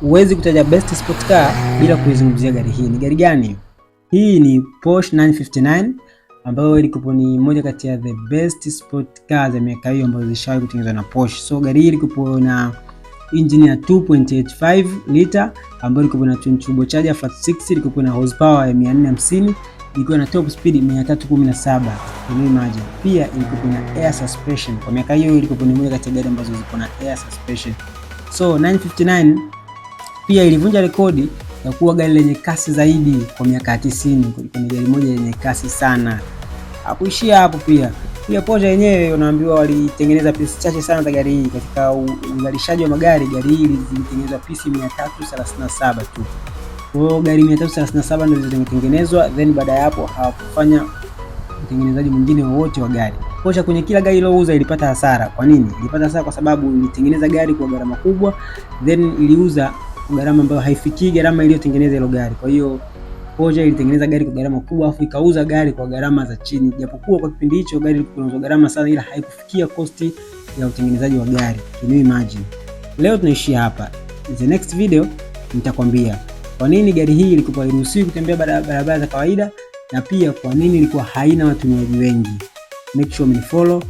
Huwezi kutaja best sports car bila kuizungumzia gari hii. Ni gari gani? Hii ni Porsche 959 ambayo ilikuwa ni moja kati ya the best sport car za miaka hiyo ambazo zishawahi kutengenezwa na Porsche. So gari hii ilikuwa na engine ya 2.85 liter ambayo ilikuwa na twin turbo charger fast 6, ilikuwa na horsepower ya 450, ilikuwa na top speed 317. Can you imagine? Pia ilikuwa na air suspension. Kwa miaka hiyo ilikuwa ni moja kati ya gari ambazo zilikuwa na air suspension. So 959 pia ilivunja rekodi ya kuwa gari lenye kasi zaidi kwa miaka 90 kuliko ni gari moja lenye kasi sana. Hakuishia hapo pia pia Porsche yenyewe unaambiwa walitengeneza pisi chache sana za gari hii. Katika uzalishaji wa magari, gari hili zilitengenezwa pisi 337 tu. Kwa hiyo gari 337 ndio zilizotengenezwa, then baada ya hapo hawakufanya utengenezaji mwingine wowote wa gari. Porsche kwenye kila gari ilouza ilipata hasara. Kwa nini? Ilipata hasara kwa sababu ilitengeneza gari kwa gharama kubwa, then iliuza gharama ambayo haifikii gharama iliyotengeneza hilo gari. Kwa hiyo Porsche ilitengeneza gari kwa gharama kubwa, afu ikauza gari kwa gharama za chini, japokuwa kwa kipindi hicho gari lilikuwa gharama sana, ila haikufikia kosti ya utengenezaji wa gari. Can you imagine? Leo tunaishia hapa. The next video nitakwambia kwa nini gari hii ilikuwa iruhusiwi kutembea barabara za kawaida na pia kwa nini ilikuwa haina watumiaji wengi. Make sure umenifollow.